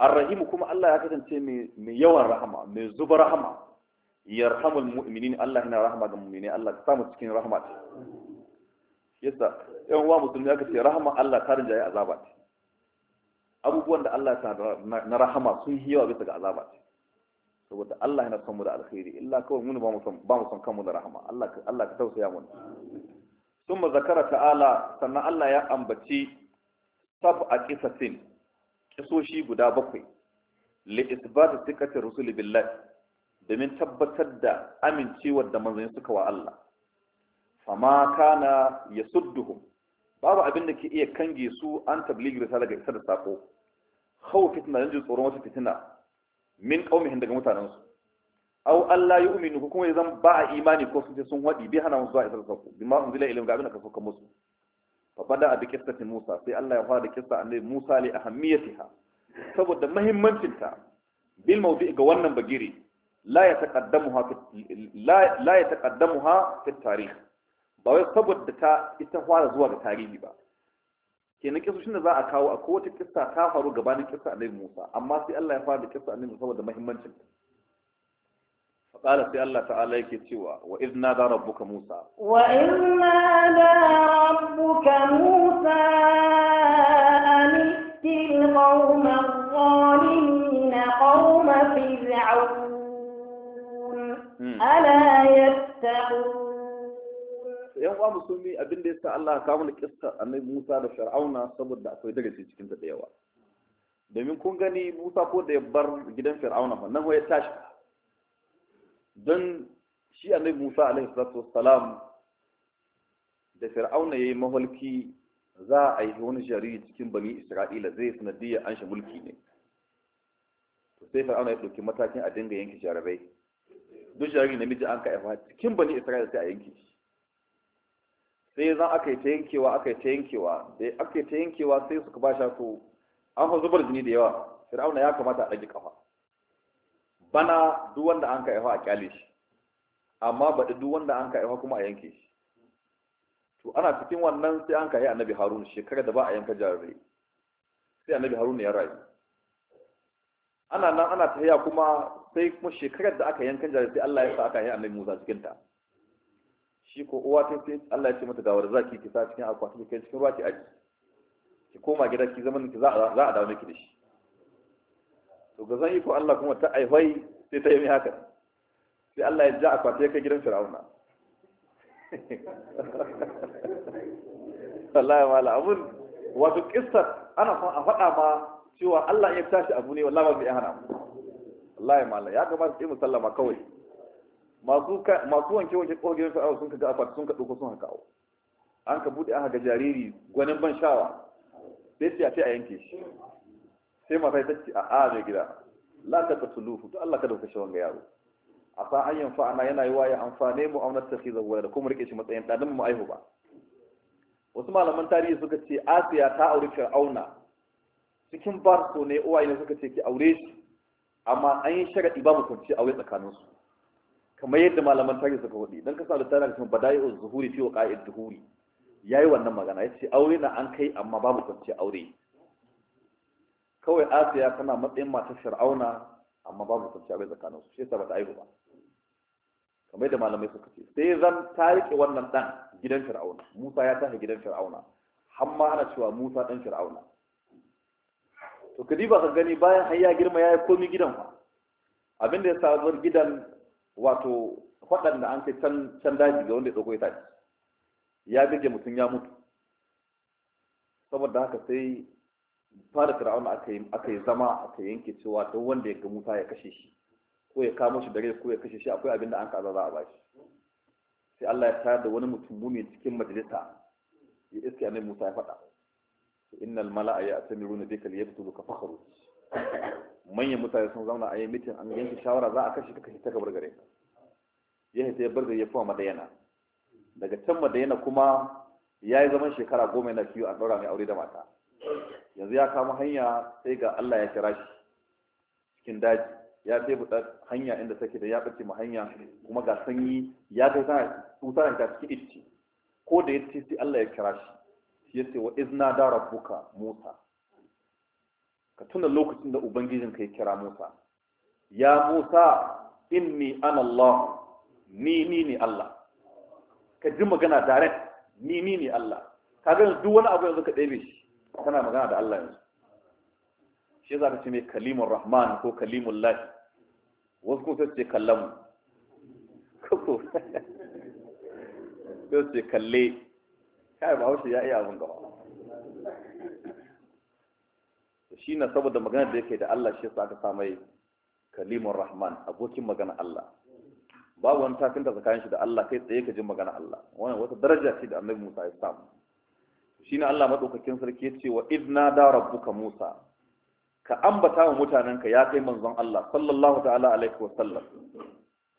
arrahimu kuma Allah ya kasance mai yawan rahama mai zuba rahama yarhamul mu'minin Allah yana rahama ga mu'mini Allah ka samu cikin rahmat yasa yan wa musulmi aka ce rahama Allah ta rinjaye azaba ce abubuwan da Allah ta na rahama sun yi yawa bisa ga azaba ce saboda Allah yana son mu da alkhairi illa kawai mun ba mu son mu kanmu da rahama Allah ka Allah ka tausaya mu thumma zakara ta'ala sannan Allah ya ambaci a qisasin kisoshi guda bakwai li isbat thiqati rusul billah domin tabbatar da amincewar da manzanni suka wa Allah fama kana yasudduhum babu abin da ke iya kange su an tabligi risala ga isar da sako khawf fitna dan jin tsoron wasu fitina min qaumihin daga mutanen su aw Allah yu'minu ko kuma zan ba a imani ko sun ce sun wadi bi hana musu zuwa isar da sako bima unzila ilayhim ga abin da ka sauka musu fa bada bi qissati Musa sai Allah ya fara da qissa annabi Musa ne a li ha. saboda muhimmancin ta bil mawdi ga wannan bagire la yataqaddamuha la ha fi tarikh ba wai saboda ta ita fara zuwa ga tarihi ba kenan kisoshin da za a kawo a kowace kisa ta faru gabanin kissa annabi Musa amma sai Allah ya fara da kisa annabi Musa saboda muhimmancin ta yake cewa الله تعالى يكتوى وإذ نادى ربك موسى
وإذ نادى ربك موسى أن ائت القوم الظالمين قوم فرعون
ألا يتقون yan uwa musulmi abin da yasa Allah ka kawo mana kissa annabi Musa da Fir'auna saboda akwai darasi cikin ta da yawa domin kun gani Musa ko da ya bar gidan Fir'auna fa nan ya tashi don shi annabi Musa alaihi salatu wassalam da Fir'auna yayi mahalki za a yi wani jariri cikin bani Isra'ila zai sanadiyya an shi mulki ne to sai Fir'auna ya dauki matakin a dinga yanke jarabai duk jariri namiji an ka aifa cikin bani Isra'ila sai a yanke shi sai zan aka yi ta yankewa aka yi ta yankewa da aka yi ta yankewa sai suka ba shi ko an fa zubar jini da yawa fir'auna ya kamata a ɗage kafa bana duk wanda an ka a kyale shi amma baɗi duk wanda an ka yafa kuma a yanke shi to ana cikin wannan sai an ka yi annabi harun shekara da ba a yanka jarirai sai annabi harun ya rayu ana nan ana tafiya kuma sai kuma shekarar da aka yanka jarirai sai Allah ya sa aka yi annabi Musa cikin ta shi ko uwa ta ce Allah ya ce mata gawar zaki ki sa cikin akwati ki kai cikin ruwa ki aji ki koma gida ki zaman ki za a dawo miki da shi to ga zan yi ko Allah kuma ta aihwai sai ta yi haka sai Allah ya ja akwati ya kai gidan Fir'auna wallahi mala abun wato kissa ana a faɗa ma cewa Allah ya tashi abu ne wallahi ba mu yi hana mu wallahi mala ya kamata sai mu sallama kawai masu wanke wanke kogiyar sa'awa sun kaga akwati sun ka ko sun haka awo an ka buɗe an ga jariri gwanin ban shawa sai ce a ce a yanke shi sai mata ta ce a a gida la ta qatuluhu to Allah ka dauka wanga yaro a fa an yanfa ana yana yi waye amfane mu auna takhiza wala kuma rike shi matsayin ɗanin mu aihu ba wasu malaman tarihi suka ce Asiya ta aure Fir'auna cikin barko ne uwaye suka ce ki aure shi amma an yi sharadi ba mu aure tsakaninsu kamar yadda malaman tarihi suka faɗi dan kasa da kuma badai uz zuhuri fi waqa'id zuhuri yayi wannan magana yace aure na an kai amma babu kwanciyar aure kawai Asiya tana matsayin matar Fir'auna amma babu kwanciyar aure tsakaninsu shi yasa bata aihu ba kamar yadda malamai suka ce sai zan ta wannan dan gidan Fir'auna Musa ya tafi gidan Fir'auna har ma ana cewa Musa dan Fir'auna to kadiba ka gani bayan har ya girma ya yi komi gidan fa abinda ya sa gidan wato da an kai can daji ga wanda ya ɗauko itace ya bige mutum ya mutu saboda haka sai fara fir'auna aka yi zama aka yanke cewa duk wanda ya ga musa ya kashe shi ko ya kamo shi dare ko ya kashe shi akwai abin da an kaza za a bashi sai Allah ya tayar da wani mutum mumi cikin majalisa ya iske annabi Musa ya faɗa innal mala'a ya'tamiruna bika liyaqtuluka fakhruj manyan mutane sun zauna a yi mitin an yanke shawara za a kashe ka kashe ta gabar gare ta ya hita ya barga ya fama madayana daga can madayana kuma ya yi zaman shekara goma na fiye a ɗaura mai aure da mata yanzu ya kama hanya sai ga Allah ya kira shi cikin daji ya sai buɗa hanya inda take da ya ɓace ma hanya kuma ga sanyi ya kai tana tutar ta cikin ko da ya ce sai Allah ya kira shi shi ya ce wa izna da rabbuka Musa ka tuna lokacin da ubangijin ka ya kira Musa ya Musa inni an Allah ni ni ne Allah ka ji magana direct ni ni ne Allah ka ga duk wani abu yanzu ka ɗebe shi kana magana da Allah yanzu shi za ka ce mai kalimun rahman ko kalimun lahi wasu kuma sai ce kallamu kako sai ce kalle kai ba hausa ya iya abin gaba shi na saboda magana da yake da Allah shi yasa aka sa mai rahman abokin magana Allah babu wani takin da tsakanin shi da Allah kai tsaye ka ji magana Allah wannan wata daraja ce da Annabi Musa ya samu shine Allah madaukakin sarki ya ce wa idna da rabbuka Musa ka ambata wa mutanenka ya kai manzon Allah sallallahu ta'ala alaihi wa sallam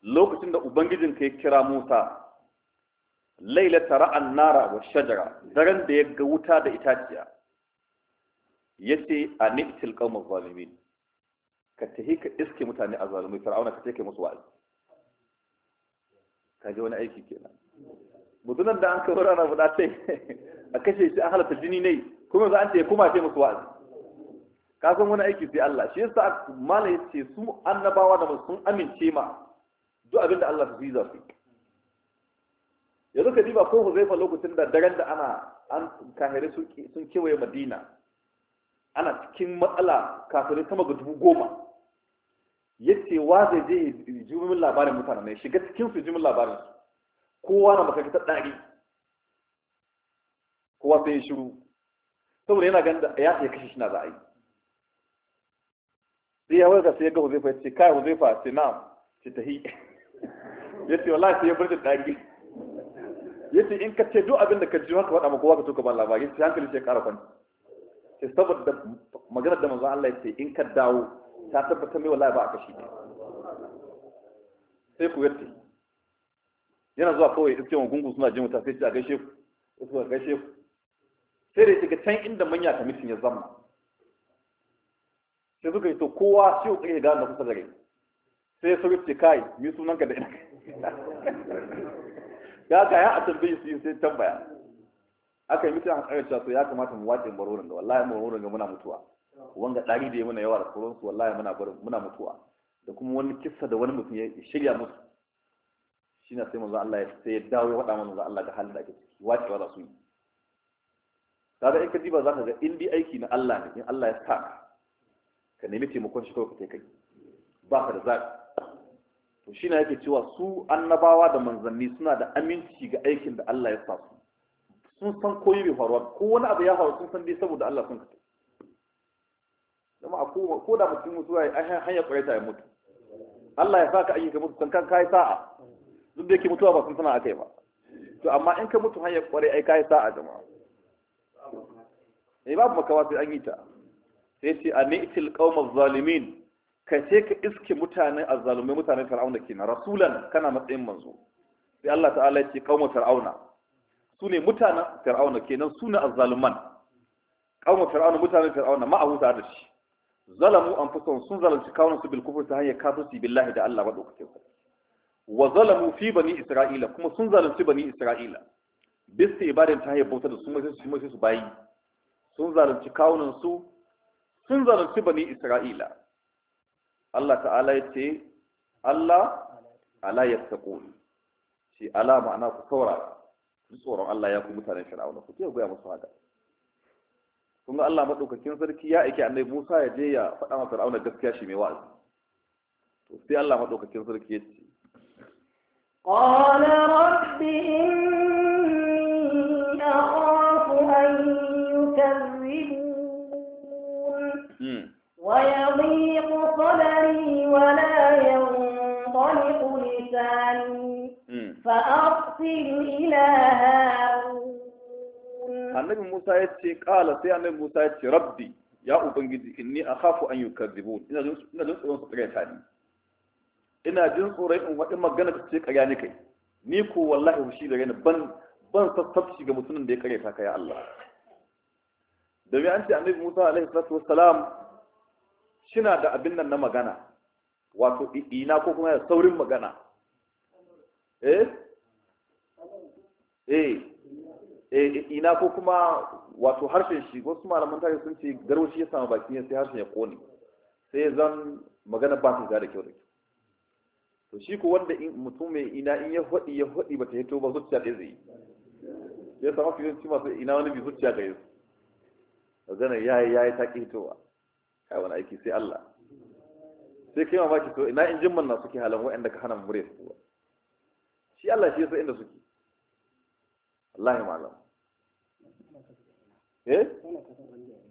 lokacin da ubangijin ka ya kira Musa lailata ra'an nara wa shajara daren da ya ga wuta da itaciya yace aniktil qawmaz zalimin ka tahi ka iske mutane a zalimai fir'auna ka take musu wa'azi ka ji wani aiki kenan mutunan da an kawo rana guda sai a kashe shi an halatta jini ne kuma za an ce kuma ce musu wa'azi ka san wani aiki sai Allah shi yasa malai ce su annabawa da sun amince ma duk abin da Allah ya yi za su yanzu ka diba ko fa lokacin da daren da ana an kahire sun kewaye Madina ana cikin matsala kafirai sama ga dubu goma ya ce wa zai je jimin labarin mutane mai shiga cikin su jimin labarin su kowa na ta ɗari kowa sai ya shiru saboda yana ganin da ya ce kashe shi na za a yi sai ya warka sai ya ga huzaifa ya ce kai huzaifa ce na ce ta hi ya ce wala sai ya bar da ɗari ya ce in ka ce duk abin da ka ji haka faɗa ma kowa ka tuka ban labari sai hankali sai ya ƙara kwanci saboda maganar da manzon Allah ya ce in ka dawo ta tabbatar mai wallahi ba a kashi ne sai ku yace yana zuwa kawai iske wa gungun suna jin wuta sai ce a gaishe ku wasu a gaishe ku sai da shiga can inda manya kamishin ya zama sai suka yi to kowa shi ya ya gane kusa da rai sai su rufe kai mi sunanka da ina ga ga ya a tambayi su sai tambaya aka yi mutum a cewa to ya kamata mu wace barorin ga wallahi barorin ga muna mutuwa wanga ɗari da ya muna yawa da su wallahi muna barin muna mutuwa da kuma wani kissa da wani mutum ya shirya musu shi na sai manzo Allah ya sai ya dawo ya faɗa manzo Allah ga halin da ake ciki wacewa za su yi kaga in ka diba za ka ga in bi aiki na Allah ne in Allah ya sa ka nemi taimakon shi kawai ka kai ba ka da zaɓi to shi na yake cewa su annabawa da manzanni suna da aminci ga aikin da Allah ya sa su sun san koyi bai faruwa ko wani abu ya faru sun san dai saboda Allah sun kace kuma a ko da mutum ya ai hanya kwarai ta ya mutu Allah ya saka ayyuka mutu san kan kai sa'a duk da yake mutuwa ba sun sana akai ba to amma in ka mutu hanya kwarai ai kai sa'a jama'a eh babu makawa sai an yi ta sai ce anitil qaumaz zalimin ka ce ka iske mutanen azzalumai mutanen fir'auna kenan rasulan kana matsayin manzo sai Allah ta'ala ya ce qaumaz fir'auna su ne mutanen fir'auna kenan su ne azzaluman kawon fir'auna mutanen fir'auna ma'ahu tare da shi zalamu an son sun zalunci kawunan su bil kufur ta hanyar kafirci billahi da Allah madaukakin ku wa zalamu fi bani isra'ila kuma sun zalunci bani isra'ila bisa ibadin ta hanyar bauta da su mai su mai su bayi sun zalunci kawunan su sun zalunci bani isra'ila Allah ta'ala ya ce Allah ala yattaqun shi ala ma'ana ku saurara ji tsoron Allah ya ku mutanen Fir'auna ku ce goya musu haka kun ga Allah madaukakin sarki ya aiki annabi Musa ya je ya faɗa ma Fir'auna gaskiya shi mai wa'azi to sai Allah madaukakin sarki ya ce
قال رب إني أخاف أن يكذبون ويضيق صدري ولا يغفر خلق لساني فأرسل إلى هارون النبي
موسى يتشي قال سي النبي موسى يتشي ربي يا أبنجي إني أخاف أن يكذبون إن جنس أن سقريتاني ina jin tsoron in جنس magana ta ce ƙarya ni kai ni ko wallahi hushi da gani ban ban sassafci ga mutumin da ya kare ka ya Allah da domin an ce annabi Musa alaihi salatu wassalam shina da abin nan na magana wato ina ko kuma saurin magana eh? Eh, eh eh ina ko kuma wato harshen shi wasu malaman tare sun ce garwashi ya samu baki sai harshen ya kone sai zan magana ba ta da kyau da kyau to shi ko wanda mutum mai ina in ya faɗi ya faɗi ba ta hito ba zuciya ɗaya zai ya samu fi zuci sai ina wani bi zuciya ɗaya zai magana ya yi ya yi ta ƙi hitowa kai wani aiki sai Allah sai kai mamaki to ina injin na suke halan wa'anda ka hana mure su ba shi Allah shi yasa inda suke wallahi malam eh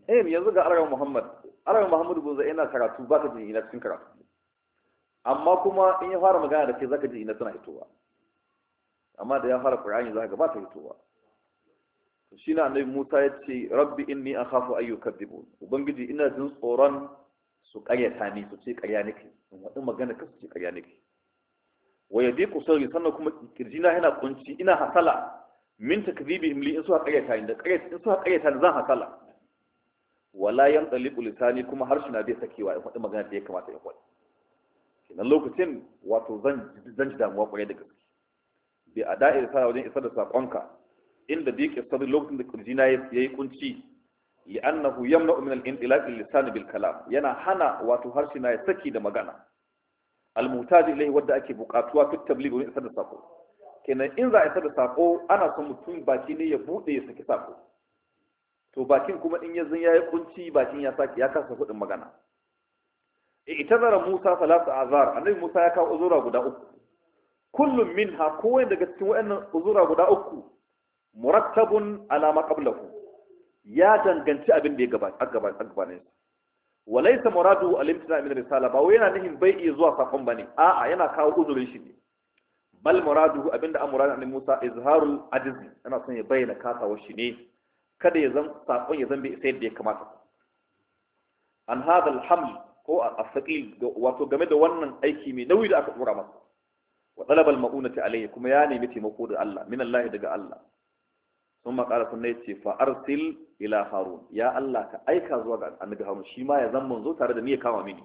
eh yanzu ga Arabi Muhammad Arabi Muhammad za yana karatu baka jin ina cikin karatu amma kuma in ya fara magana da kai zaka ji ina tana hitowa amma da ya fara Qur'ani zaka ga ba ta hitowa to shi na annabi Musa ya ce rabbi inni akhafu ayyukadibun ubangiji ina jin tsoron su karya ni su ce karya nake in waɗin magana ka su ce karya nake Waye dai ku sauri sannan kuma kirjina yana kunci ina hasala min takdhibihim himli in su karya ta da karya in su karya ta zan hasala wala yanqalibu lisani kuma harshe na bai sakewa in waɗin magana da ya kamata ya kwaɗi kenan lokacin wato zan zan ji damuwa kwarai da gaske bi a da'ir sa wajen isar da saƙonka inda bi ke lokacin da kirjina ya yi kunci li'annahu yamna'u min al-intilaq al-lisan bil kalam yana hana wato harshe na ya saki da magana al-mutaj ilayhi wanda ake buƙatuwa fit tabligh wa isar da sako kenan in za a isar da sako ana son mutum baki ne ya bude ya saki sako to bakin kuma in ya yi yayi kunci bakin ya saki ya kasa kudin magana i'tazara Musa salatu azar annabi Musa ya kawo uzura guda uku kullum minha kowa daga cikin wayannan uzura guda uku murattabun ala ma qablahu ya danganci abin da ya gabanin walaisa muradu alimtina min risala ba wai yana nihin bai iya zuwa sakon bane a'a yana kawo uzurin shi ne bal muradu abinda an muradu annabi Musa izharul ajiz yana son ya bayyana kasawar shi ne kada ya zan sakon ya zan bai sai da ya kamata an hadal haml ko asaqil wato game da wannan aiki mai nauyi da aka dora masa wa talabal ma'unati alayhi kuma ya nemi taimako da Allah min Allah daga Allah sun makara sun nai ce fa'arsil ila harun ya Allah ka aika zuwa ga annabi harun shi ma ya zan manzo tare da ni ya kama mini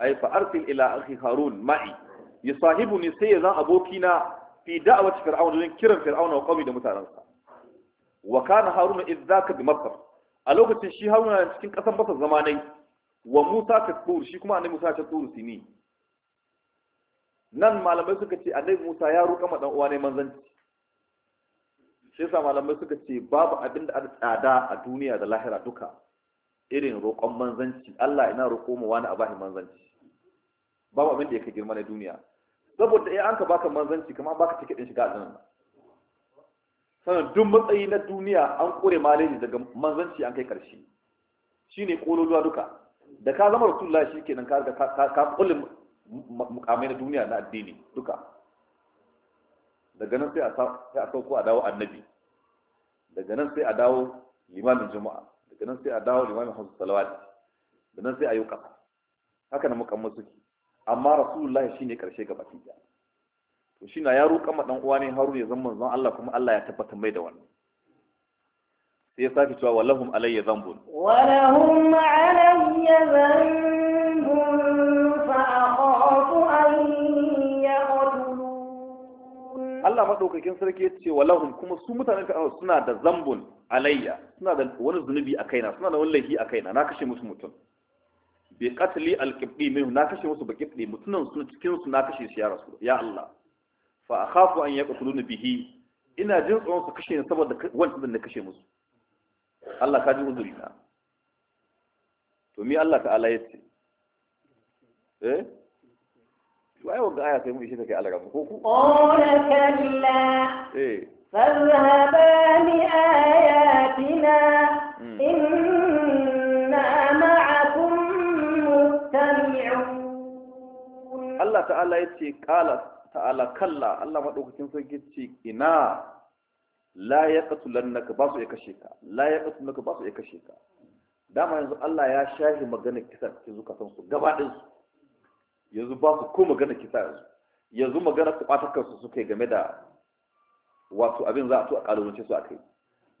ai fa'arsil ila akhi harun ma'i ya sahibu ni sai ya zan abokina fi da'awati fir'auna don kiran fir'auna wa qaumi da mutanensa wa kana harun zaka bi masar a lokacin shi haruna cikin kasar masar zamanai wa musa ta tsuru shi kuma annabi musa ta tsuru sini nan malamai suka ce annabi musa ya roƙa ma dan uwa ne manzanci shi yasa malamai suka ce babu abin da tsada a duniya da lahira duka irin roƙon manzanci Allah ina roƙo mu wani abahi manzanci babu abin da yake girma na duniya saboda eh an ka baka manzanci kamar baka ticket din shiga aljanna sannan duk matsayi na duniya an kore malami daga manzanci an kai karshe shine kololuwa duka da ka zama shi shikenan ka ka ka kullum mukamai na duniya na addini duka daga nan sai a sauko a dawo annabi daga nan sai a dawo limamin juma'a daga nan sai a dawo limamin hausa salawati daga nan sai a yi ƙasa haka na su suke amma rasulullahi ƙarshe karshe gaba jiya. to shi na ya roƙa ma dan uwa ne harun ya zama manzon Allah kuma Allah ya tabbatar mai da wannan sai ya sake cewa walahum alayya dhanbun walahum
alayya dhanbun
Allah maɗaukakin sarki ya ce walahum kuma su mutanen fir'auna suna da zambun alayya suna da wani zunubi a kaina suna da wani laifi a kaina na kashe musu mutum bi qatli al-qibdi minhu na kashe musu baqibdi mutunan su cikin su na kashe shi ya rasul ya Allah fa akhafu an yaqtuluni bihi ina jin tsoron su kashe ni saboda wannan da na kashe musu Allah ka ji uzuri na to me Allah ta'ala ya ce eh ai wanga aya sai mun ishe take alrabu ko ku qala kalla eh fadhhaba bi
ayatina hmm. inna ma'akum mustami'un
Allah ta'ala yace qala ta'ala kalla Allah madaukakin sarki ce ina la yaqtulannaka ba su ya kashe ka la yaqtulannaka ba su ya kashe ka dama yanzu Allah ya shahi maganar kisa cikin zukatan su gaba ɗinsu yanzu ba su ko magana kisa yanzu yanzu magana su ɓata kansu suke game da wato abin za a so a ƙalubance su a kai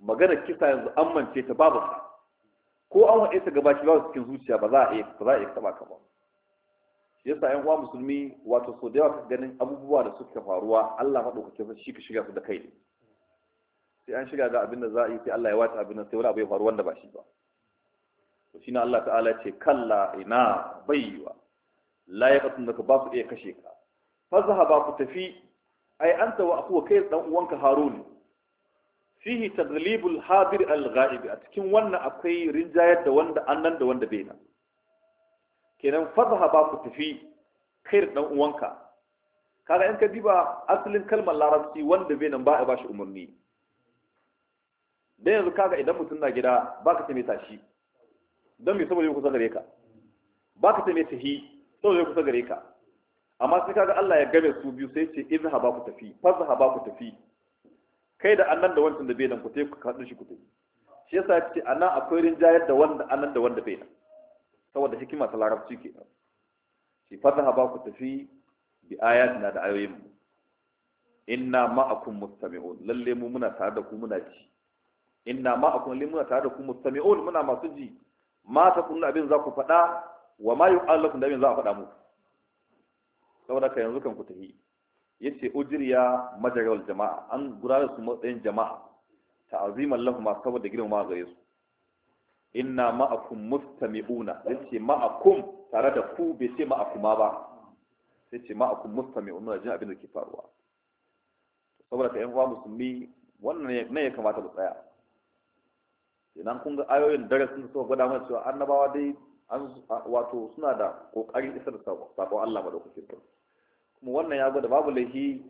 magana kisa yanzu an mance ta babu sa ko an haɗe ta ki babu cikin zuciya ba za a iya ba za a iya taɓa ka ba shi yasa ƴan uwa musulmi wato so da yawa ka ganin abubuwa da suke faruwa Allah ke sa shi ka shiga su da kai ne sai an shiga ga abin da za a yi sai Allah ya wata abin da sai wani abu ya faru wanda ba shi ba to na Allah ta'ala ya ce kalla ina bayyuwa la yaqtunaka ba su iya kashe ka ba ku tafi ai ta wa akuwa kai dan uwanka harun fihi taglibul hadir al ghaib a cikin wannan akwai rinjayar da wanda annan da wanda bai nan kenan ba ku tafi kai dan uwanka kaga in ka diba asalin kalmar larabci wanda bai nan ba a bashi umarni dan yanzu kaga idan mutum na gida baka ta mai tashi don me saboda yau kusa gare ka baka ta mai tahi sau zai kusa gare ka amma sai kaga Allah ya game su biyu sai ce idha ba ku tafi fazha ba ku tafi kai da annan da wancan da bai nan ku tafi ku kaɗu shi ku tafi shi yasa ya ce anan akwai rinjayar da wanda annan da wanda bai nan saboda hikima ta larabci ke nan shi fazha ba ku tafi bi na da ayoyin mu inna ma'akum mustami'un lalle mu muna tare da ku muna ji inna ma'akum lalle muna tare da ku mustami'un muna masu ji ma ta kullu abin za ku faɗa wa ma yu'allafu lakum da za a faɗa muku saboda ka yanzu kan ku tafi yace ujriya majaral jama'a an gudanar su matsayin jama'a ta'aziman lahum saboda girma gare su inna ma'akum mustami'una yace ma'akum tare da ku bai ce ma'akuma ba sai ce ma'akum mustami'una jin abin da ke faruwa saboda ka yan uwa musulmi wannan ne ya kamata mu tsaya idan kun ga ayoyin darasin da suka gwada mana cewa annabawa dai wato suna da kokarin isar da sako Allah madaukakin ba kuma wannan ya gwada babu laifi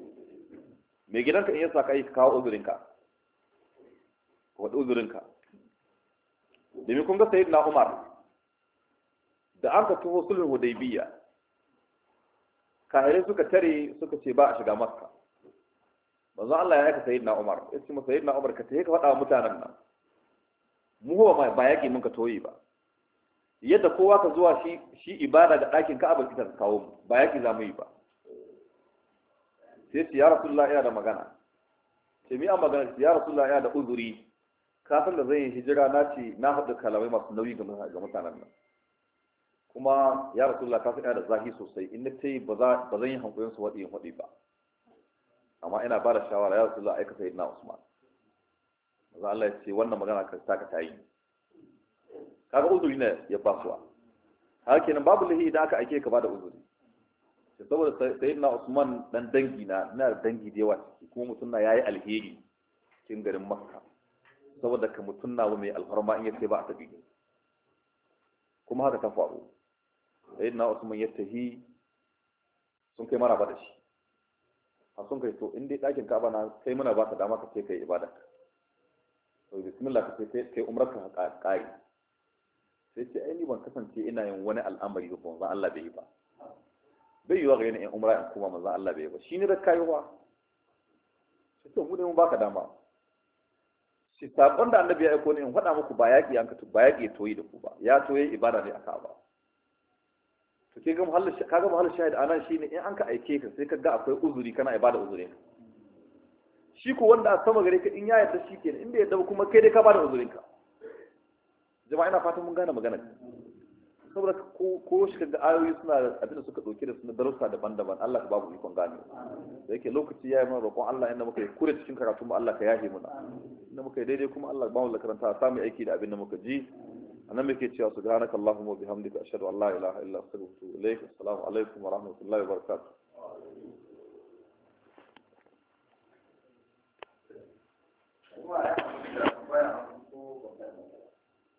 mai gidanka in ya saka yi kawo uzurinka ka faɗi uzurinka domin kun ga sayyidina Umar da an ka tuho sulhul hudaybiya kahirai suka tare suka ce ba a shiga makka manzo Allah ya aika sayyidina Umar ya ce masa sayyidina Umar ka tafi ka faɗa wa mutanen nan mu ba ba yaƙi mun ka toyi ba yadda kowa ka zuwa shi shi ibada da ɗakin ka'aba ita kawo ba yaki za mu yi ba sai ce ya rasulullah ina da magana ce mi an magana ce ya da uzuri kafin da zan yi hijira na ce na haɗa kalamai masu nauyi ga mutanen nan kuma ya rasulullah ka kafin ya da zahi sosai in na yi ba zan yi hankulin su waɗin waɗi ba amma ina ba da shawara ya rasulullah yi na usman maza Allah ya ce wannan magana ka ta ka ta yi kaga uzuri ne ya ba su haka nan babu lahi idan aka ake ka bada uzuri saboda sayyidina Usman dan dangi na ina da dangi da yawa ciki kuma Mutunna yayi alheri cikin garin Makka saboda ka Mutunna wa mai alfarma in yace ba a tabi kuma haka ta faru sayyidina Usman ya tahi sun kai maraba da shi a sun kai to in dai ɗakin Ka'aba na kai muna ba ka dama ka ce kai ibada to bismillah ka ce kai umrarka ka kai sai ce ai ni ban kasance ina yin wani al'amari ba manzo Allah bai yi ba bai yiwa gani in umra in kuma manzo Allah bai yi ba shi ne da kaiwa sai to mu ne mun baka dama shi sabon da annabi ya aiko ne in faɗa muku ba yaƙi an ka ba yaƙi toyi da ku ba ya toyi ibada ne aka ba to ke ga muhallin kaga muhallin shahid anan shine in an ka aike ka sai ka ga akwai uzuri kana ibada uzuri shi ko wanda a sama gare ka in ya yarda shi kenan inda ya yarda kuma kai dai ka ba uzurin ka jama'a ina fatan mun gane magana saboda ko shi ga ayoyi suna da abin da suka dauke da suna darussa daban-daban Allah ka babu ikon gane da yake lokaci yayi mana roƙon Allah inda muka yi kure cikin karatu mu Allah ka yahe muna inda muka yi daidai kuma Allah ba mu karanta samu aiki da abin da muka ji anan muke cewa subhanaka allahumma bihamdika ashhadu an la ilaha illa anta astaghfiruka wa atubu assalamu alaikum wa rahmatullahi
wa barakatuh